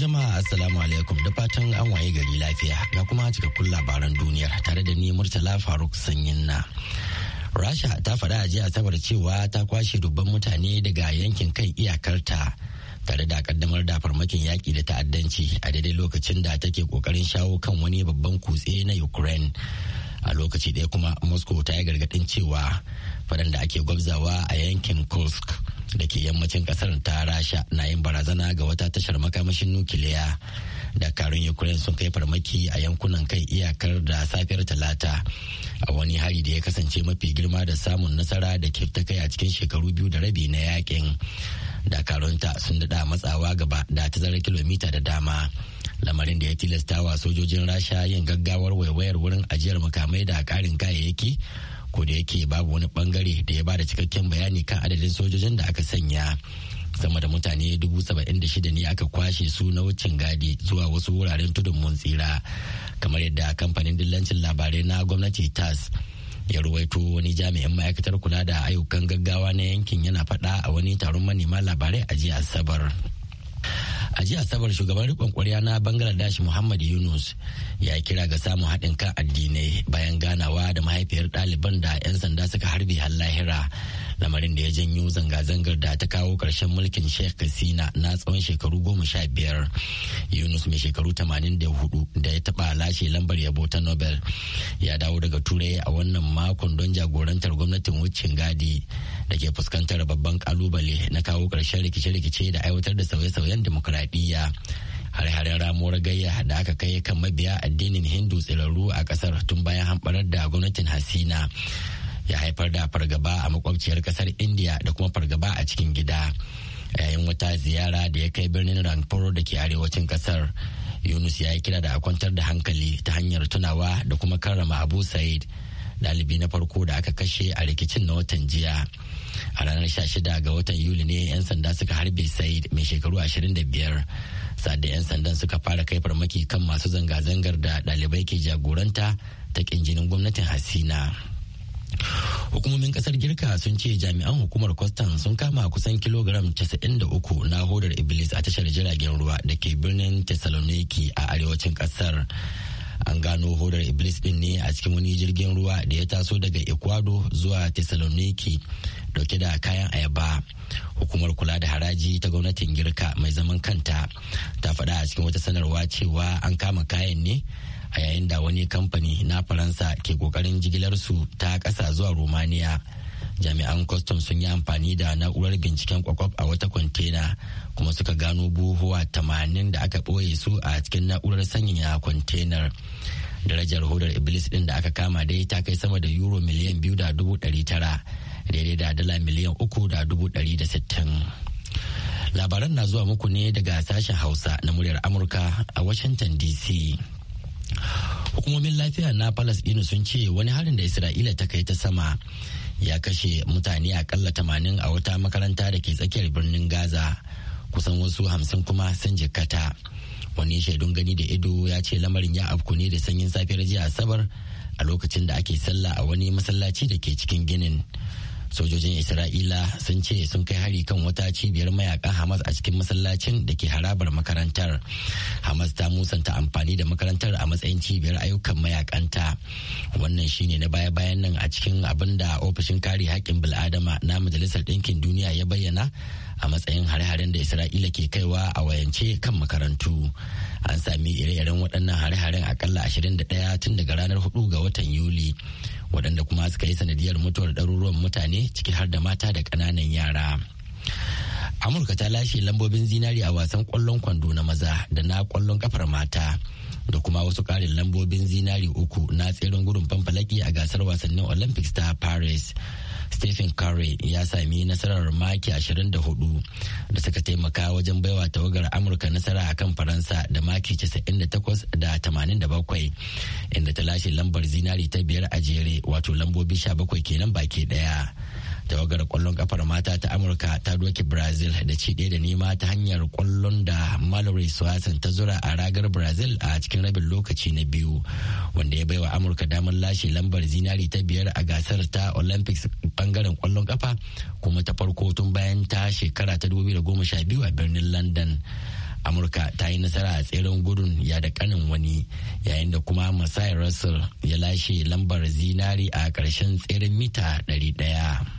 jama'a assalamu alaikum da fatan an waye gari lafiya ga kuma cikakkun labaran duniyar tare da ni murtala faruk sanyin na rasha ta faɗa a jiya asabar cewa ta kwashe dubban mutane daga yankin kan iyakarta tare da kaddamar da farmakin yaƙi da ta'addanci a daidai lokacin da take ƙoƙarin shawo kan wani babban kutse na ukraine a lokaci ɗaya kuma moscow ta yi gargaɗin cewa faɗan da ake gwabzawa a yankin kursk da ke yammacin kasar ta rasha na yin barazana ga wata tashar makamashin nukiliya dakarun ukraine sun kai farmaki a yankunan kan iyakar da safiyar talata a wani hari da ya kasance mafi girma da samun nasara da ke ta kai a cikin shekaru biyu da rabi na yakin dakarunta sun daɗa matsawa gaba da tazarar kilomita da dama lamarin da ya tilasta wa sojojin rasha yin gaggawar waiwayar wurin ajiyar makamai da ƙarin kayayyaki ko da yake babu wani bangare da ya bada cikakken bayani kan adadin sojojin da aka sanya sama da mutane dubu saba'in da shida ne aka kwashe su na wucin gadi zuwa wasu wuraren tudun mun tsira kamar yadda kamfanin dillancin labarai na gwamnati tas ya ruwaito wani jami'in ma'aikatar kula da ayyukan gaggawa na yankin yana faɗa a wani taron manema labarai a jiya asabar. a jiya asabar shugaban rikon kwarya na bangladesh muhammad yunus ya kira ga samun haɗin kan addinai bayan ganawa da mahaifiyar ɗaliban da 'yan sanda suka harbi har lahira lamarin da ya janyo zanga-zangar da ta kawo ƙarshen mulkin sheikh kasina na tsawon shekaru goma sha biyar yunus mai shekaru tamanin da hudu da ya taɓa lashe lambar yabo ta nobel ya dawo daga turai a wannan makon don jagorantar gwamnatin wucin gadi da ke fuskantar babban kalubale na kawo ƙarshen rikice-rikice da aiwatar da sauye-sauyen dimokuraɗiyya hare-haren ramuwar gayya da aka kai kan mabiya addinin hindu tsirarru a kasar tun bayan hamɓarar da gwamnatin hasina ya haifar da fargaba a makwabciyar kasar india da kuma fargaba a cikin gida yayin wata ziyara da ya kai birnin rangpur da ke arewacin kasar yunus ya yi kira da a kwantar da hankali ta hanyar tunawa da kuma karrama abu said dalibi na farko da aka kashe a rikicin na watan jiya a ranar 16 ga watan yuli ne 'yan sanda suka harbe said mai shekaru 25 sadda 'yan sandan suka fara kai farmaki kan masu zanga-zangar da ɗalibai ke jagoranta ta ƙinjinin gwamnatin hasina. hukumomin kasar girka sun ce jami'an hukumar kwastan sun kama kusan kilogram 93 na hodar iblis a tashar jiragen ruwa da ke birnin thessaloniki a arewacin kasar an gano hodar iblis din ne a cikin wani jirgin ruwa da ya taso daga ecuador zuwa thessaloniki dauke da kayan ayaba hukumar kula da haraji ta gwamnatin girka mai zaman kanta ta faɗa a cikin wata sanarwa cewa an kama kayan ne a yayin da wani kamfani na faransa ke kokarin jigilarsu ta ƙasa zuwa romania jami'an kwastam sun yi amfani da na'urar binciken kwakwaf a wata kwantena kuma suka gano buhuwa tamanin da aka ɓoye su a cikin na'urar sanyaya kwantenar darajar hodar iblis din da aka kama dai ta kai sama da euro miliyan biyu da dubu ɗari tara daidai da dala miliyan uku da dubu ɗari da sittin labaran na zuwa muku ne daga sashen hausa na muryar amurka a washington dc hukumomin lafiya na palestina sun ce wani harin da isra'ila ta kai ta sama ya kashe mutane akalla tamanin a wata makaranta da ke tsakiyar birnin gaza kusan wasu hamsin kuma sun jikkata wani shaidun gani da ido ya ce lamarin ya afku ne da sanyin safiyar jiya asabar a lokacin da ake sallah a wani masallaci da ke cikin ginin sojojin isra'ila sun ce sun kai hari kan wata cibiyar mayakan hamas a cikin masallacin da ke harabar makarantar hamas ta musanta amfani da makarantar a matsayin cibiyar ayyukan mayakanta wannan shine na baya-bayan nan a cikin abin da ofishin kare haƙƙin bil'adama na majalisar ɗinkin duniya ya bayyana a matsayin hare-haren da isra'ila ke kaiwa a wayance kan makarantu an sami ire-iren waɗannan hare-haren akalla 21 tun daga ranar 4 ga watan yuli waɗanda kuma suka yi sanadiyar mutuwar ɗaruruwan mutane ciki har da mata da ƙananan yara amurka ta lashe lambobin zinari a wasan ƙwallon kwando na maza da na ƙwallon kafar mata da kuma wasu ƙarin lambobin zinari uku na tseren gudun fanfalaki a gasar wasannin olympics ta paris stephen curry ya sami nasarar maki 24 da suka taimaka wajen baiwa tawagar amurka nasara a kan faransa da maki 98 da 87 inda ta lashe lambar zinari ta biyar a jere wato lambobi 17 kenan baki daya tawagar kwallon kafar mata ta amurka ta doke brazil da ci ɗaya da nema ta hanyar kwallon da mallory swanson ta zura a ragar brazil a cikin rabin lokaci na biyu wanda ya baiwa amurka damar lashe lambar zinari ta biyar a gasar ta olympics bangaren kwallon kafa kuma ta farko tun bayan ta shekara ta da sha biyu a birnin london amurka ta yi nasara a tseren gudun ya da kanin wani yayin da kuma masai russell ya lashe lambar zinari a ƙarshen tseren mita 100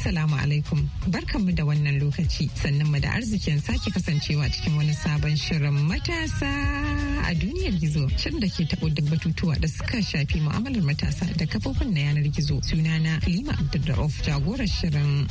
Assalamu alaikum. Barkanmu da wannan lokaci sannan mu da arzikin sake kasancewa cikin wani sabon shirin matasa a duniyar gizo. Shirin da ke taɓo duk batutuwa da suka shafi mu'amalar matasa da kafofin na yanar gizo. Sunana Halima Abdulrauf jagorar shirin.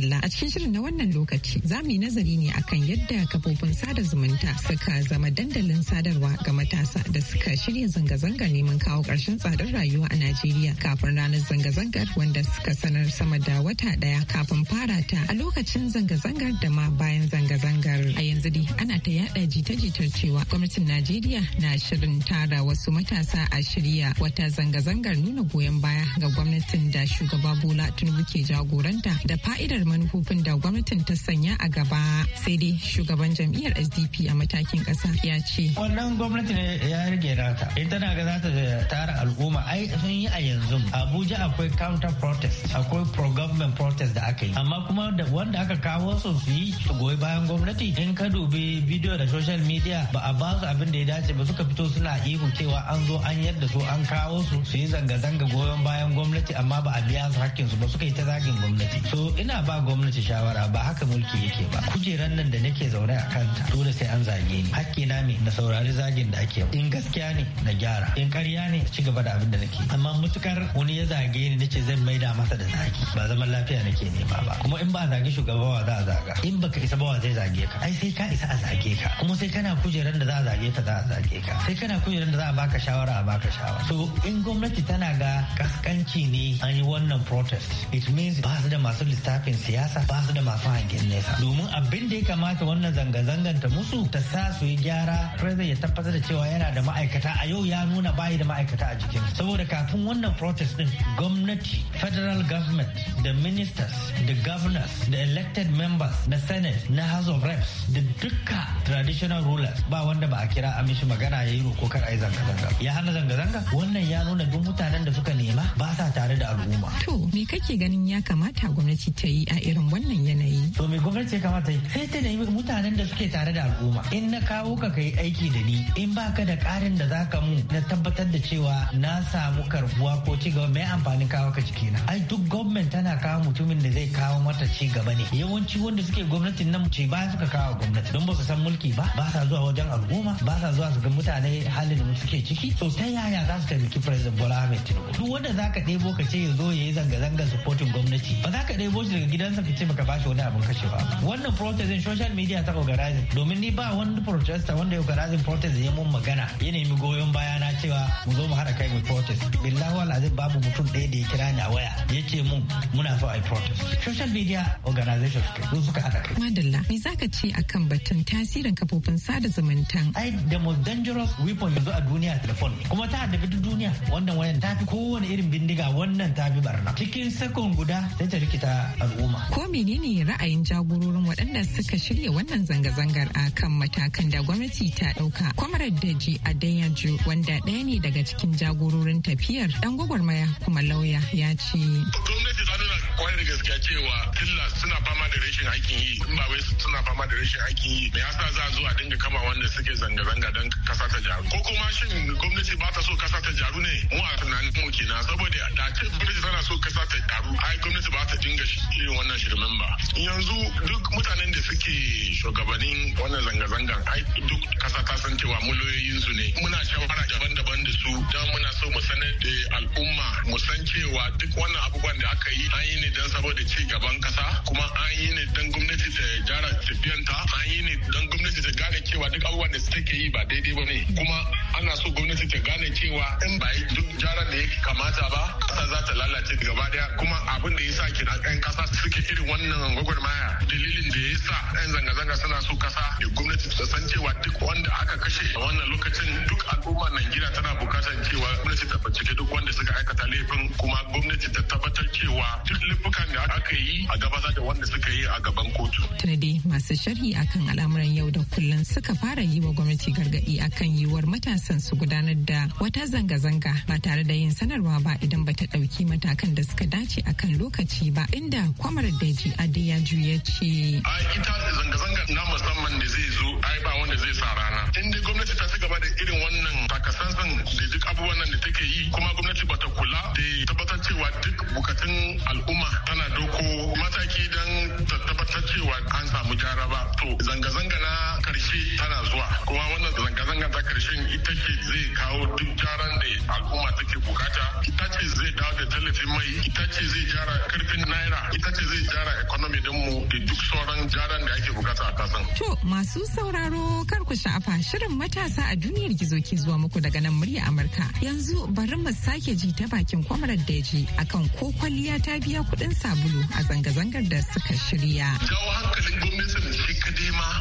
Abdullah a cikin shirin na wannan lokaci za mu yi nazari ne akan yadda kafofin sada zumunta suka zama dandalin sadarwa ga matasa da suka shirya zanga-zanga neman kawo ƙarshen tsadar rayuwa a Najeriya kafin ranar zanga-zangar wanda suka sanar sama da wata ɗaya kafin fara ta a lokacin zanga-zangar da ma bayan zanga-zangar a yanzu dai ana ta yada jita-jitar cewa gwamnatin Najeriya na shirin tara wasu matasa a shirya wata zanga-zangar nuna goyon baya ga gwamnatin da shugaba Bola Tinubu ke jagoranta da fa'idar manufofin da gwamnatin ta sanya a gaba sai dai shugaban jam'iyyar sdp a matakin kasa ya ce wannan gwamnati ne ya rage rata in tana ga za ta tara al'umma ai sun yi a yanzu abuja akwai counter protest akwai pro government protest da aka yi amma kuma wanda aka kawo su su yi goyi bayan gwamnati in ka dubi bidiyo da social media ba a ba su abin da ya dace ba suka fito suna ihu cewa an zo an yadda su an kawo su su yi zanga-zanga goyon bayan gwamnati amma ba a biya su hakkin su ba suka yi ta zagin gwamnati so ina ba gwamnati shawara ba haka mulki yake ba kujeran nan da nake zaune a kanta dole sai an zage ni hakki na me na saurari zagin da ake in gaskiya ne na gyara in ƙarya ne ci gaba da abin da nake amma mutukar wani ya zage ni nace zan maida masa da zagi ba zaman lafiya nake nema ba kuma in ba zage shugaba ba za a zaga in baka isa ba wa zai zage ka ai sai ka isa a zage ka kuma sai kana kujeran da za a zage ka za a zage ka sai kana kujeran da za a baka shawara a baka shawara so in gwamnati tana ga kaskanci ne an yi wannan protest it means ba su da masu lissafin siyasa ba su da masu hangen nesa domin abin da ya kamata wannan zanga-zangan ta musu ta sa su yi gyara president ya tabbatar da cewa yana da ma'aikata a yau ya nuna bayi da ma'aikata a jikin saboda kafin wannan protest din gwamnati federal government da ministers da governors da elected members na senate na house of reps da dukka traditional rulers ba wanda ba a kira a mishi magana ya yi roko kar a yi zanga-zanga ya hana zanga-zanga wannan ya nuna duk mutanen da suka nema ba sa tare da al'umma to me kake ganin ya kamata gwamnati ta yi a irin wannan yanayi. To me gwamnati ya kamata sai ta nemi mutanen da suke tare da al'umma in na kawo ka kai aiki da ni in baka da karin da zaka mu na tabbatar da cewa na samu karbuwa ko ci gaba mai amfanin kawo ka ciki Ai duk gwamnati tana kawo mutumin da zai kawo mata ci gaba ne yawanci wanda suke gwamnatin nan ce ba suka kawo gwamnati don ba su san mulki ba ba sa zuwa wajen al'umma ba sa zuwa su ga mutane halin da suke ciki to ta yaya za su taimaki president Bola Ahmed Tinubu duk wanda zaka ɗebo ka ce ya zo ya yi zanga-zanga supporting gwamnati ba za ka ɗebo shi daga gidansa ka ce baka bashi wani abin kashe ba wannan protest din social media ta organizing domin ni ba wani protester wanda ya organizing protest ya mun magana ya nemi goyon baya na cewa mu zo mu haɗa kai mu protest billahi walazim babu mutum ɗaya da ya kira ni a waya ya ce mun muna so ai protest social media organization suka zo suka haɗa kai madalla me zaka ce akan batun tasirin kafofin sada zumuntan ai the most dangerous weapon yanzu a duniya telefon kuma ta hada duk duniya wannan wayan ta fi kowane irin bindiga wannan ta fi barna cikin sakon guda sai ta rikita al'umma al'umma. Ko menene ra'ayin jagororin waɗanda suka shirya wannan zanga-zangar a kan matakan da gwamnati ta ɗauka? Kwamarar Daji Adeyanju wanda ɗaya ne daga cikin jagororin tafiyar ɗan gwagwarmaya kuma lauya ya ce. Gwamnati ta nuna kwayar da gaskiya cewa tilla suna fama da rashin aikin yi ba wai suna fama da rashin aikin yi me yasa za a zo a dinga kama wanda suke zanga-zanga don kasa ta jaru ko kuma shin gwamnati ba ta so kasa ta jaru ne mu a tunanin mu kenan saboda da ce gwamnati tana so kasa ta jaru ai gwamnati ba ta dinga irin wannan shirmin ba yanzu duk mutanen da suke shugabannin wannan zanga-zangan ai duk kasa ta san cewa muloyoyin su ne muna shawara daban-daban da su don muna so mu sanar da al'umma mu san cewa duk wannan abubuwan da aka yi an yi ne don saboda ci gaban kasa kuma an yi ne don gwamnati ta gyara tafiyanta an yi ne don gwamnati ta gane cewa duk abubuwan da suke yi ba daidai ba ne kuma ana so gwamnati ta gane cewa in ba yi duk gyaran da ya kamata ba kasa za ta lalace gaba daya kuma abin da ya sa kira 'yan kasa su suke irin wannan gwagwarmaya dalilin da ya sa 'yan zanga-zanga suna so kasa da gwamnati ta san cewa duk wanda aka kashe a wannan lokacin duk al'umma Najeriya tana bukatar cewa gwamnati ta bincike duk wanda suka aikata laifin kuma gwamnati ta tabbatar cewa duk laifukan da aka yi a gaba da wanda suka yi a gaban kotu. da masu sharhi akan al'amuran yau da kullum suka fara yi wa gwamnati gargaɗi akan yiwuwar matasan su gudanar da wata zanga-zanga ba tare da yin sanarwa ba idan ba ta ɗauki matakan da suka dace akan lokaci ba inda kwamar Umar Daji Adeyanju ya ce. A ita zanga-zanga na musamman da zai zo ai ba wanda zai sa rana in dai gwamnati ta ci gaba da irin wannan takasansan da duk abubuwan nan da take yi kuma gwamnati bata kula da tabbatar cewa duk bukatun al'umma tana dauko mataki don tabbatar cewa an samu gyara ba to zanga-zanga na karshe tana zuwa kuma wannan zanga-zanga ta karshen ita ce zai kawo duk gyaran da al'umma take bukata ita ce zai dawo da talafi mai ita ce zai gyara karfin naira ita ce zai gyara economy din mu da duk sauran gyaran da ake bukata a kasan to masu sauraro sauraro kar ku sha'afa shirin matasa a duniyar gizo ke zuwa muku daga nan murya Amurka. Yanzu bari mu sake ji ta bakin kwamarar da ji akan ko kwalliya ta biya kuɗin sabulu a zanga-zangar da suka shirya. Jawo hankalin gwamnatin shi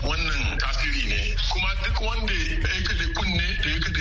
wannan tasiri ne. Kuma duk wanda ya kaɗe kunne da ya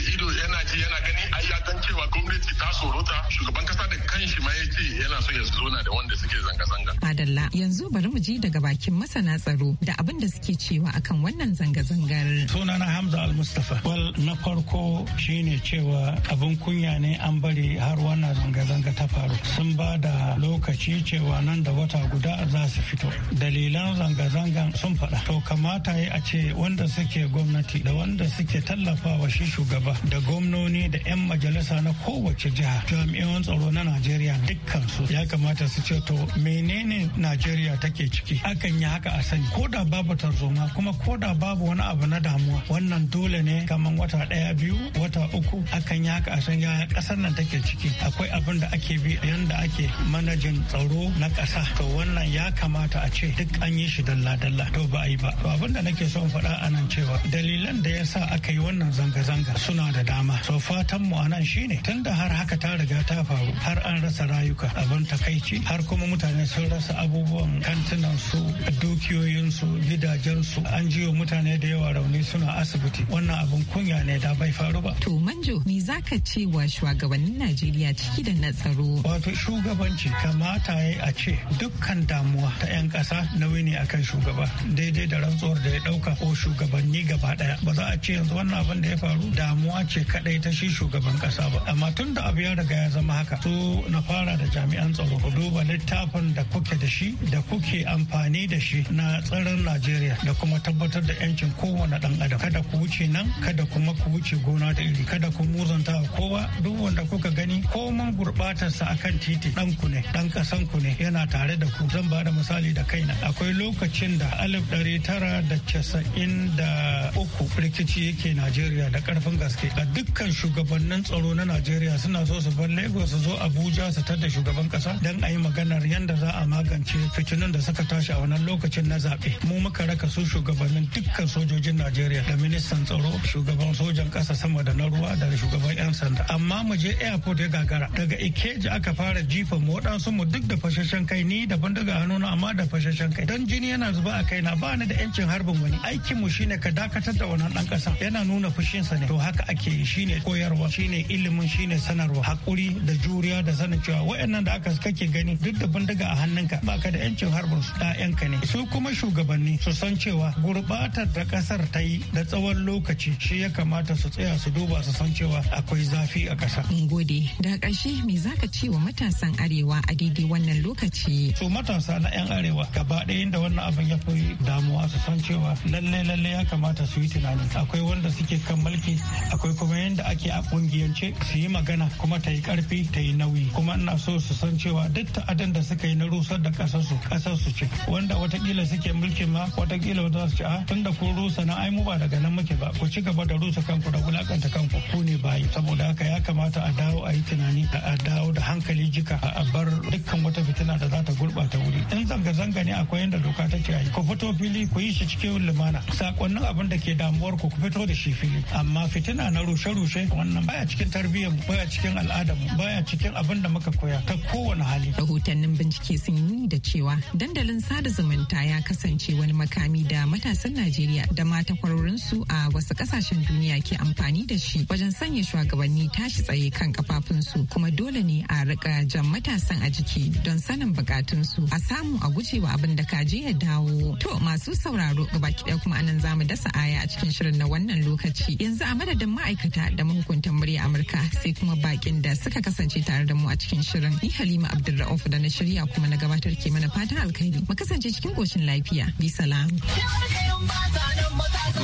cewa gwamnati ta tsorota shugaban kasa da kanshi ma ya ce yana so ya zona da wanda suke zanga-zanga. Adalla yanzu bari mu ji daga bakin masana tsaro da abin da suke cewa akan wannan zanga-zangar. Sunana Hamza Al-Mustafa. Wal na farko shine cewa abin kunya ne an bari har wannan zanga-zanga ta faru. Sun ba da lokaci cewa nan da wata guda za su fito. Dalilan zanga-zangan sun faɗa. To kamata ya a ce wanda suke gwamnati da wanda suke tallafawa shi shugaba da gwamnoni da 'yan majalisa na na kowace jiha jami'an tsaro na najeriya dukkan su ya kamata su ce to menene najeriya take ciki akan yi haka a sani ko da babu tarzoma kuma ko da babu wani abu na damuwa wannan dole ne kamar wata ɗaya biyu wata uku akan yi haka a san yaya ƙasar nan take ciki akwai abin da ake bi yanda ake manajin tsaro na ƙasa to wannan ya kamata a ce duk an yi shi dalla-dalla to ba a yi ba to abin da nake son faɗa anan nan cewa dalilan da ya sa aka yi wannan zanga-zanga suna da dama so fatan mu a shine Tun da har haka ta riga ta faru har an rasa rayuka abin takaici har kuma mutane sun rasa abubuwan kantinansu dukiyoyinsu gidajensu an jiyo mutane da yawa rauni suna asibiti wannan abin kunya ne da bai faru ba. To manjo me zaka ce wa shugabannin Najeriya ciki da na tsaro? Wato shugabanci kamata ya a ce dukkan damuwa ta 'yan ƙasa nauyi ne akan shugaba daidai da rantsuwar da ya ɗauka ko shugabanni gaba ɗaya ba za a ce yanzu wannan abin da ya faru damuwa ce kaɗai ta shi shugaban ƙasa ba amma tun da abu ya riga ya zama haka so na fara da jami'an tsaro ku duba littafin da kuke da shi da kuke amfani da shi na tsaron najeriya da kuma tabbatar da yancin kowane dan adam kada ku wuce nan kada kuma ku wuce gona da iri kada ku muzanta kowa duk wanda kuka gani ko koman gurbatarsa akan titi dan ku ne dan kasan ku ne yana tare da ku zan ba da misali da kaina akwai lokacin da alif ɗari tara da casa'in da uku rikici yake najeriya da karfin gaske a dukkan shugabannin tsaro na najeriya suna so su bar lagos su zo abuja su tada shugaban kasa don a yi maganar yadda za a magance fitinun da suka tashi a wannan lokacin na zaɓe mu muka raka su shugabannin dukkan sojojin najeriya da ministan tsaro shugaban sojan kasa sama da na ruwa da shugaban yan sanda amma mu je airport ya gagara daga ikeji aka fara jifa mu waɗansu mu duk da fashashen kai ni daban daga hannuna amma da fashashen kai don jini yana zuba a kaina ba ni da yancin harbin wani aikin mu shine ka dakatar da wannan dan kasa yana nuna fushin sa ne to haka ake yi shine koyarwa shine ilimin neman shine sanarwa hakuri da juriya da sanin cewa wayannan da aka kake gani duk da bindiga a hannunka ka da yancin harbin su yanka ne su kuma shugabanni su san cewa gurbatar da kasar ta yi da tsawon lokaci shi ya kamata su tsaya su duba su san cewa akwai zafi a ƙasa. gode da ƙarshe me zaka ce wa matasan arewa a daidai wannan lokaci. su matasa na 'yan arewa gaba ɗaya da wannan abin ya fi damuwa su san cewa lalle lalle ya kamata su yi tunani akwai wanda suke kan mulki akwai kuma yanda ake a ƙungiyance su yi magana kuma ta yi karfi ta yi nauyi kuma ina so su san cewa duk ta'adan da suka yi na rusar da kasar su kasar su ce wanda watakila suke mulkin ma watakila wata su ce a tun da kun rusa na ai mu ba daga nan muke ba ku ci gaba da rusa kanku da wulakanta kanku ku ne bayi saboda haka ya kamata a dawo a yi tunani a dawo da hankali jika a bar dukkan wata fitina da za ta gurbata wuri in zanga-zanga ne akwai yadda doka ta ce ku fito fili ku yi shi cikin lumana sakonnin abin da ke damuwar ku ku fito da shi fili amma fitina na rushe-rushe wannan baya cikin tarbiyya tarbiyyar baya cikin al'adar baya cikin abin da muka koya ta kowane hali. Rahotannin bincike sun yi da cewa dandalin sada zumunta ya kasance wani makami da matasan Najeriya da mata kwarorinsu a wasu kasashen duniya ke amfani da shi wajen sanya shugabanni tashi tsaye kan kafafunsu kuma dole ne a rika jan matasan a jiki don sanin bukatunsu a samu a gujewa abin da kaje ya dawo. To masu sauraro gabaki ɗaya kuma anan mu dasa aya a cikin shirin na wannan lokaci yanzu a madadin ma'aikata da mahukuntan murya Amurka sai kuma bakin da suka kasance tare da mu a cikin shirin. Ni Halima Abdulra'uf da na shirya kuma na gabatar ke mana fatan alkhairi. Mu kasance cikin koshin lafiya. Bi salam.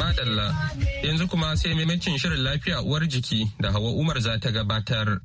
Madalla, yanzu kuma sai maimacin shirin lafiya uwar jiki da Hawa Umar za ta gabatar.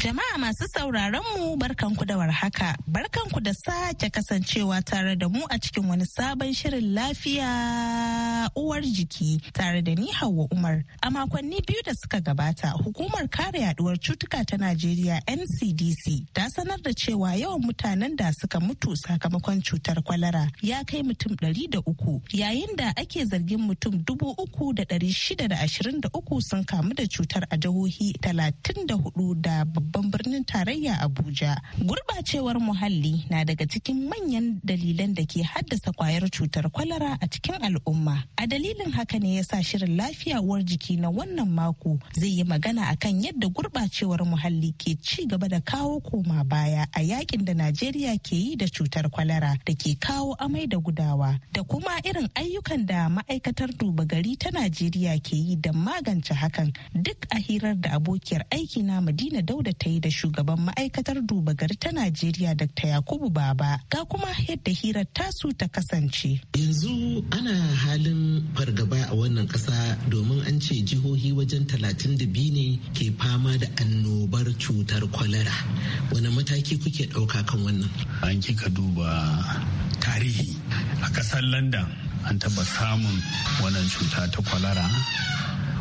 Jama'a masu sauraron mu barkanku da warhaka. Barkanku da sake kasancewa tare da mu a cikin wani sabon shirin lafiya uwar jiki tare da ni Hauwa Umar. A makonni biyu da suka gabata, hukumar kare yaduwar cutuka ta Najeriya NCDC ta sanar da cewa yawan mutanen da suka mutu sakamakon cutar kwalara ya kai mutum ɗari da uku, yayin da ake zargin mutum dubu uku da ɗari shida da ashirin da uku sun kamu da cutar a jihohi talatin da hudu da babban birnin tarayya Abuja. Gurbacewar muhalli na daga cikin manyan dalilan da ke haddasa kwayar cutar kwalara a cikin al'umma. A dalilin haka ne ya sa shirin lafiya uwar jiki na wannan mako zai yi magana akan yadda gurbacewar muhalli ke ci gaba da kawo koma baya a yakin da Najeriya ke yi da cutar kwalara da ke kawo amai da gudawa da kuma irin ayyukan da ma'aikatar duba gari ta Najeriya ke yi da magance hakan duk a hirar da abokiyar aiki na Madina Dauda ta yi da shugaban ma'aikatar duba gari ta Najeriya Dr. Yakubu Baba ga kuma yadda hirar tasu ta kasance. Yanzu ana halin fargaba a wannan ƙasa domin an ce jihohi wajen 32 ne ke fama da annobar cutar kwalara. Wani mataki kuke ɗauka kan wannan? An kika duba tarihi a ƙasar London an taɓa samun wannan cuta ta kwalara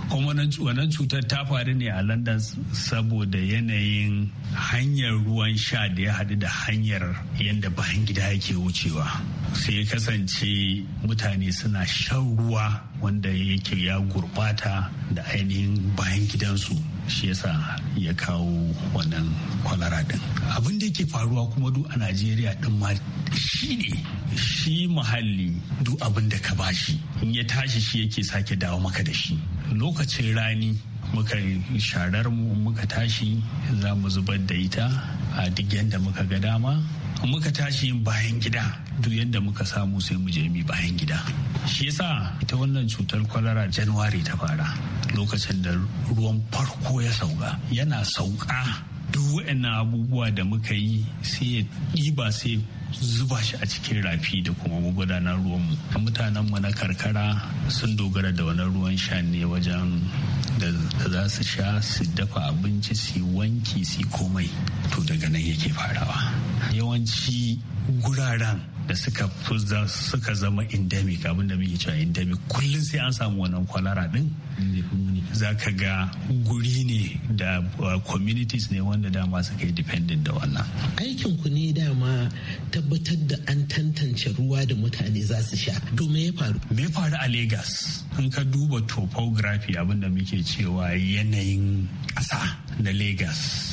kuma wannan cutar ta faru ne a london saboda yanayin hanyar ruwan sha da ya haɗu da hanyar yadda bayan gida yake wucewa sai ya kasance mutane suna shan ruwa wanda yake ya gurbata da ainihin bayan gidansu shi yasa ya kawo wannan kwalara din abin da yake faruwa kuma du a najeriya din ma shi ne shi muhalli duk abin da ka bashi in ya tashi shi yake sake dawo maka da shi lokacin rani muka sharar mu muka tashi za mu zubar da ita a duk yadda muka ga dama muka tashi yin bayan gida duk yadda muka samu sai mu je mi bayan gida shi yasa ita wannan cutar kwalara januwari ta fara lokacin da ruwan farko ya sauka yana sauka duk wayannan abubuwa da muka yi sai ya ɗiba sai zuba shi a cikin rafi da kuma magudanar ruwanmu mutanen mu na karkara sun dogara da wani ruwan sha ne wajen da za su sha su dafa abinci su wanki su komai to daga nan yake farawa yawanci guraren da suka suka zama endemic abinda muke cewa endemic kullum sai an samu wannan kwalara din za ka ga guri ne da uh, communities ne wanda dama suka yi dependent da wannan aikin ku ne dama tabbatar da an tantance ruwa da mutane za su sha to me ya faru me ya faru a Lagos in ka duba topography abinda muke cewa yanayin ƙasa na Lagos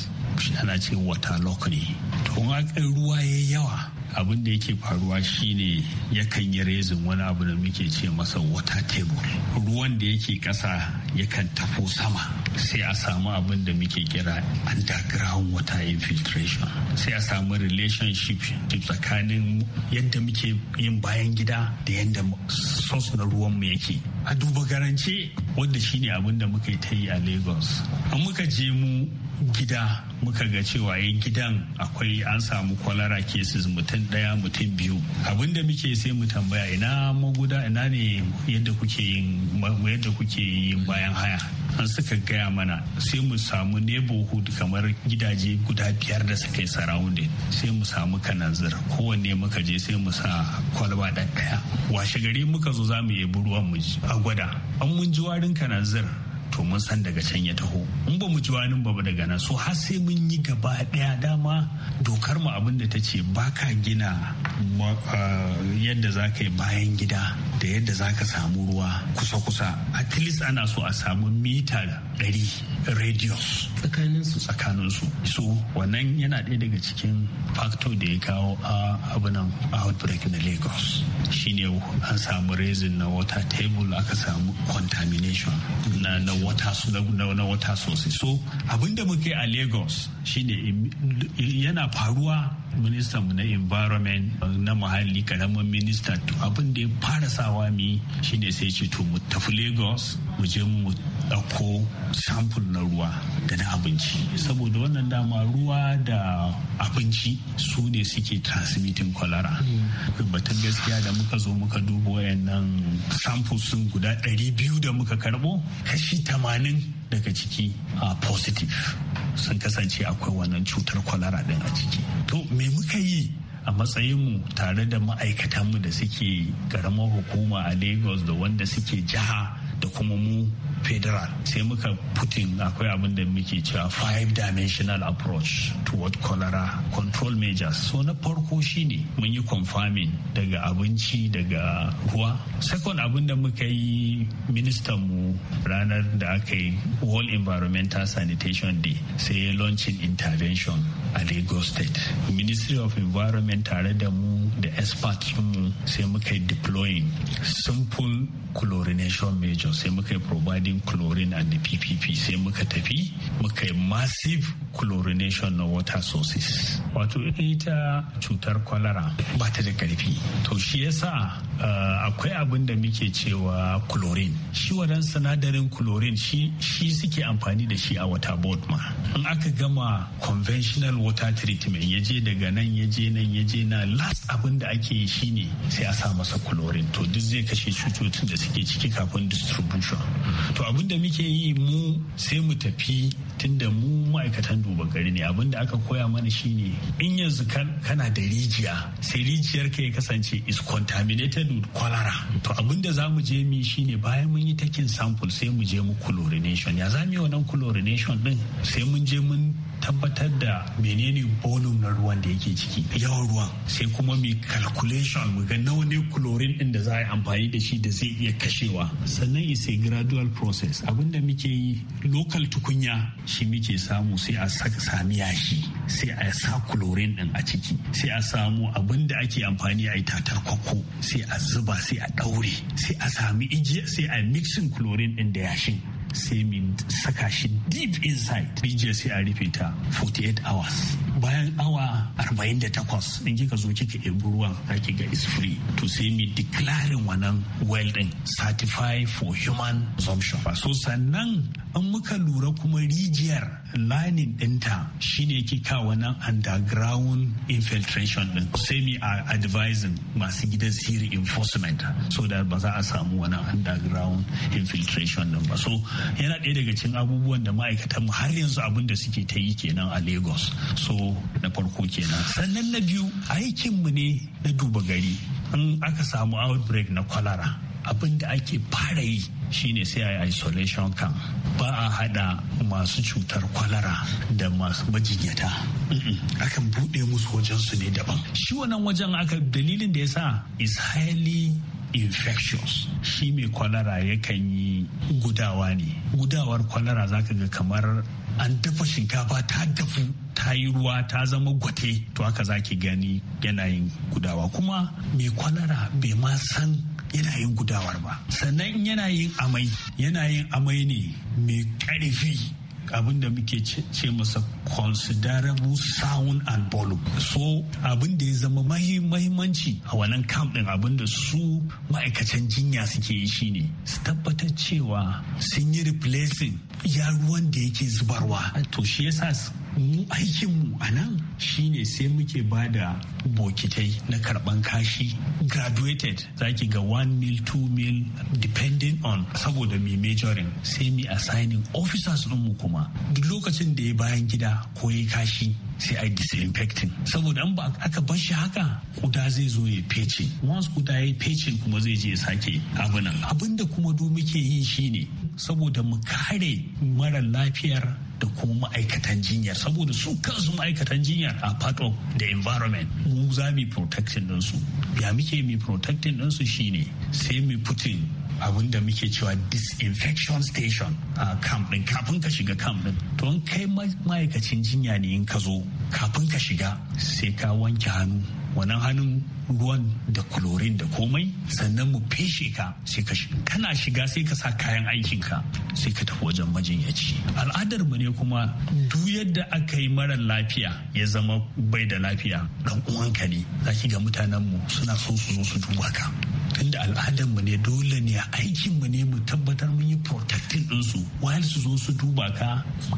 ana ce wata lock ne to in ruwa ya yawa abin da yake faruwa shine yakan yi rezin wani abu da muke ce masa wata tebur ruwan da yake ƙasa yakan tafo sama sai a samu abin da muke kira underground water infiltration sai a samu relationship tsakanin yadda muke yin bayan gida da yadda sos na ruwanmu yake a duba garance wanda shine abin da muka ta yi a lagos an muka je mu gida muka ga cewa yin eh, gidan akwai an samu kwalara cases mutum daya mutum biyu abin da muke sai mu tambaya ina maguda ina ne yadda kuke yin yadda kuke yin bayan haya an suka gaya mana sai mu samu neighborhood kamar gidaje guda biyar da suka yi surrounding sai mu samu kananzir kowanne muka je sai mu sa kwalba ɗaya washe gari muka zo za mu yi ruwan mu a gwada an mun ji warin kanazir to mun san daga can ya taho in ba mu ji warin ba daga nan so har sai mun yi gaba daya dama dokar mu abin da ta ce ba ka gina ah, yadda za ka yi bayan gida da yadda za ka samu ruwa kusa-kusa at least ana so a samu mita ɗari radius tsakaninsu tsakaninsu so wannan yana ɗaya daga cikin factor da ya kawo a abunan outbreak na lagos shine an samu raising na water table aka samu contamination na, na water na, na water sources so abinda muke a lagos shine yana faruwa minista mu na environment na muhalli karamin minista to abin da ya fara sawa mi shine sai ce to mu tafi lagos mu je mu ɗauko samfur na ruwa da na abinci saboda wannan dama ruwa da abinci su ne suke transmitting cholera. batun gaskiya da muka zo muka duba wayannan samfur sun guda 200 da muka karbo kashi 80 daga ciki a positive sun kasance akwai wannan cutar kwalara din a ciki to me muka yi a matsayinmu tare da ma'aikatanmu da suke karamar hukuma a lagos da wanda suke jiha da kuma mu federal sai muka putin akwai abin da muke cewa five dimensional approach toward cholera control measures so na farko shine mun yi confirming daga abinci daga ruwa second abin da muka yi ministan mu ranar da aka yi world environmental sanitation day sai ya launching intervention a lagos state ministry of environment tare da mu da experts mu sai muka yi deploying simple chlorination measures sai muka yi provide adding chlorine and the ppp sai muka tafi muka yi massive chlorination na water sources wato ita cutar kwalara ba ta da karfi to shi yasa Eh, akwai abin da muke cewa chlorine shi wannan sinadarin chlorine shi suke amfani da shi a water board ma in aka gama conventional water treatment ya je daga nan ya je nan ya je na last abin da ake yi shine sai a sa masa chlorine to duk zai kashe cututtun da suke ciki kafin distribution to abin da muke yi mu sai mu tafi tunda mu ma'aikatan duba gari ne abin da aka koya mana shine in yanzu kana da rijiya sai rijiyar ka ya kasance is contaminated dubi kwalara to abin da za mu je mi shine bayan mun yi takin sample sai mu je mu chlorination ya za mu yi wannan chlorination din sai mun je mun tabbatar da menene volume na ruwan da yake ciki yawan ruwan sai kuma mu calculation mu ga nawa ne chlorine din da za a yi amfani da shi da zai iya kashewa sannan isa gradual process abinda muke yi local tukunya shi muke samu sai a saka sami yashi sai a sa kulorin din a ciki sai a samu abin da ake amfani a tatar kwakko sai a zuba sai a daure sai a sami igiya sai a mixin chlorine din da yashin sai min saka shi deep inside ijiya sai a rufe ta 48 hours bayan awa 48 in kika zo kika ebi ruwan zaki ga is free to sai mi declaring wannan well din certified for human consumption so sannan an muka lura kuma rijiyar lining dinta shine yake ka wannan underground infiltration din sai mi advising masu gidan siri enforcement so da ba za a samu wannan underground infiltration din ba so yana daya daga cikin abubuwan da ma'aikatan har yanzu abin da suke ta yi kenan a lagos so na farko kenan sannan na biyu aikinmu ne na duba gari in aka samu outbreak na kwalara abin da ake fara yi shine sai a yi isolation camp ba a hada masu cutar kwalara da masu majinyata akan buɗe musu wajen su ne daban shi wannan wajen aka dalilin da ya sa is highly infectious shi mai kwalara yakan yi gudawa ne gudawar kwalara zaka ga kamar an dafa shinkafa ta dafu ta yi ruwa ta zama gwate to haka zaki gani yanayin gudawa kuma mai kwalara bai ma san yanayin gudawar ba sannan yanayin amai yanayin amai ne mai ƙarfi abin da muke ce masa considerable sound and volume so abin da ya zama mahimmanci a wannan camp din abin da su ma'aikatan jinya suke yi shine su tabbatar cewa sun yi replacing ya ruwan da yake zubarwa to shi yasa mu aikinmu a nan shine sai muke ba da bokitai na karban kashi graduated zaki ga 1 mil 2 mil depending on saboda mai majoring sai mai assigning officers mu kuma duk lokacin da ya bayan gida ko ya kashi sai a disinfecting saboda an ba aka bar shi haka kuda zai zo ya fece once kuda ya fece kuma zai je ya sake abinan abinda kuma du muke yi shine saboda mu kare mara lafiyar da kuma ma'aikatan jinyar saboda su kansu ma'aikatan jinyar a part of the environment mu za mu protecting din su ya muke mu protectin din su shine sai mu putin abin da muke cewa disinfection station a camp din kafin ka shiga camp din to an kai ma'aikacin jinya ne in ka zo kafin ka shiga sai ka wanke hannu wannan hannun ruwan da kulorin da komai sannan mu feshe ka sai ka kana shiga sai ka sa kayan aikin ka sai ka tafi wajen majinyaci al'adar mu ne kuma duk yadda aka yi mara lafiya ya zama bai da lafiya dan uwanka ne zaki ga mutanen mu suna so su zo su duba ka tunda al'adar mu ne dole ne aikin mu ne mu tabbatar mun yi protecting din su while su zo su duba ka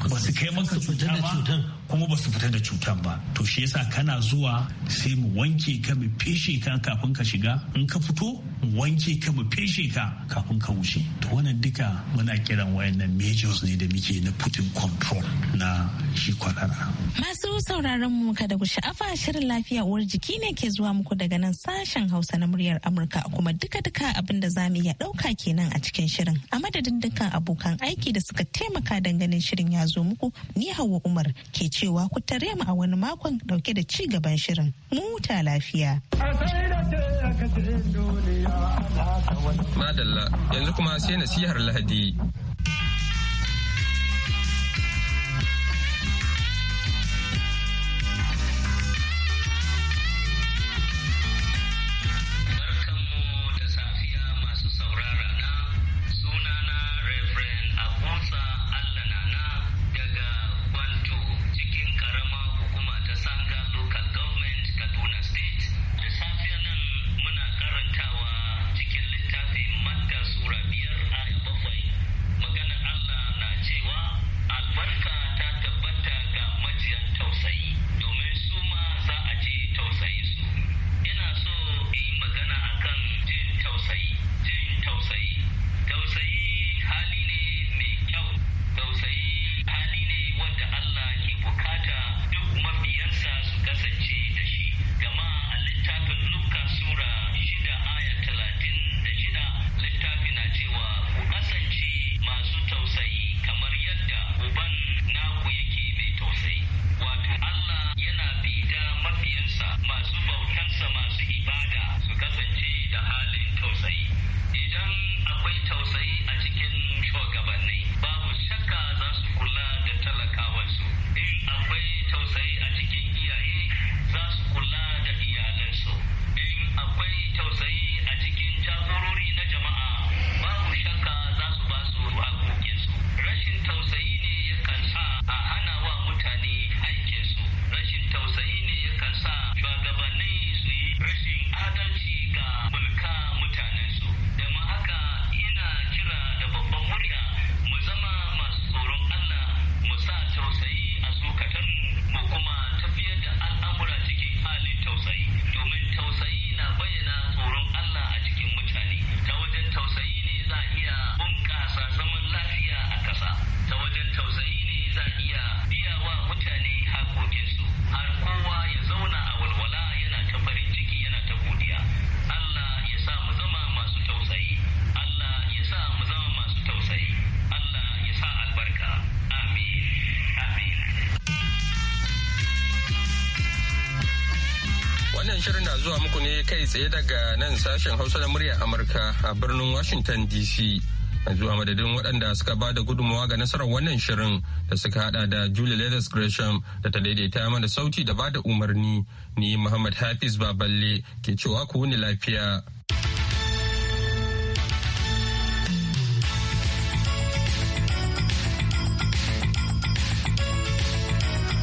ba su kai maka cuta ba kuma ba su fita da cutar ba to shi yasa kana zuwa sai mu wanke ka mu feshe ka kafin ka shiga in ka fito mu wanke ka mu feshe ka kafin ka wuce to wannan duka muna kiran wayannan majors ne da muke na putin control na shi kwalara masu sauraron mu kada ku sha'afa shirin lafiya uwar jiki ne ke zuwa muku daga nan sashen hausa na muryar amurka kuma duka-duka abin da za mu iya ɗauka kenan a cikin shirin a madadin dukkan abokan aiki da suka taimaka danganin shirin ya zo muku ni hawa umar ke cewa ku tare mu a wani makon dauke da ci gaban shirin. Muta lafiya. Madalla yanzu kuma sai nasihar Lahadi. kai tsaye daga nan sashen Hausa da muryar Amurka a birnin Washington DC. a zuwa madadin waɗanda suka ba da gudunmawa ga nasarar wannan shirin da suka hada da Julia Leathers Gresham da ta daidaita mana sauti da ba da umarni ni Muhammad Hafiz Baballe ke cewa ku wuni lafiya.